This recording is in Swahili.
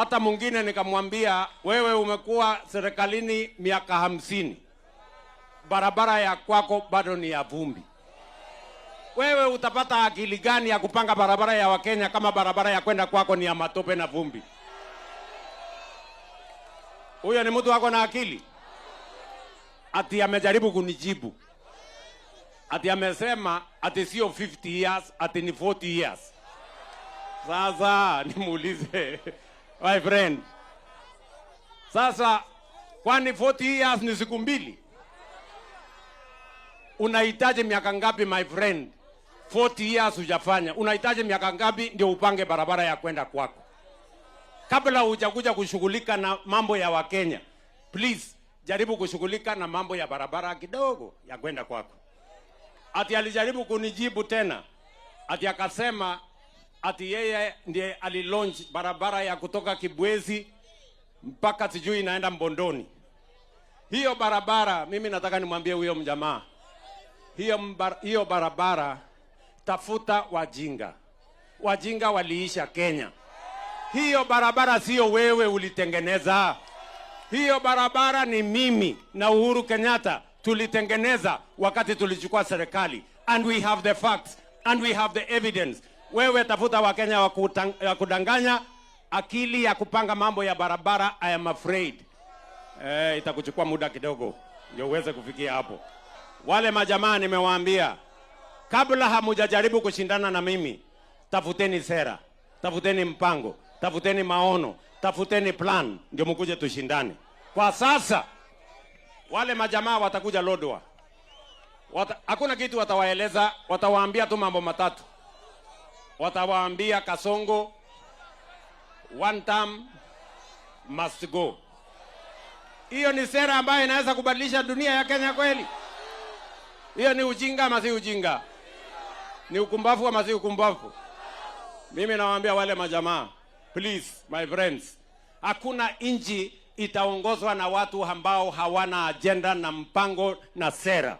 hata mwingine nikamwambia, wewe umekuwa serikalini miaka hamsini, barabara ya kwako bado ni ya vumbi. Wewe utapata akili gani ya kupanga barabara ya Wakenya kama barabara ya kwenda kwako ni ya matope na vumbi? Huyo ni mtu wako na akili? Ati amejaribu kunijibu ati amesema ati sio 50 years, ati ni 40 years. Sasa nimuulize my friend. Sasa kwani 40 years ni siku mbili? Unahitaji miaka ngapi my friend? 40 years hujafanya, unahitaji miaka ngapi ndio upange barabara ya kwenda kwako, kabla hujakuja kushughulika na mambo ya Wakenya? Please jaribu kushughulika na mambo ya barabara kidogo ya kwenda kwako. Ati alijaribu kunijibu tena, ati akasema ati yeye ndiye alilaunch barabara ya kutoka Kibwezi mpaka sijui inaenda Mbondoni. Hiyo barabara mimi nataka nimwambie huyo mjamaa, hiyo, mbar, hiyo barabara tafuta wajinga, wajinga waliisha Kenya. Hiyo barabara sio wewe ulitengeneza, hiyo barabara ni mimi na Uhuru Kenyatta tulitengeneza wakati tulichukua serikali, and we have the facts and we have the evidence wewe tafuta Wakenya wa kudanganya, akili ya kupanga mambo ya barabara, I am afraid eh, itakuchukua muda kidogo ndio uweze kufikia hapo. Wale majamaa nimewaambia, kabla hamujajaribu kushindana na mimi, tafuteni sera, tafuteni mpango, tafuteni maono, tafuteni plan, ndio mkuje tushindane. Kwa sasa wale majamaa watakuja Lodwar, hakuna Wata, kitu watawaeleza, watawaambia tu mambo matatu watawaambia Kasongo one term must go. Hiyo ni sera ambayo inaweza kubadilisha dunia ya Kenya kweli? Hiyo ni ujinga ama si ujinga? Ni ukumbavu ama si ukumbavu? Mimi nawaambia wale majamaa, please my friends, hakuna nchi itaongozwa na watu ambao hawana ajenda na mpango na sera.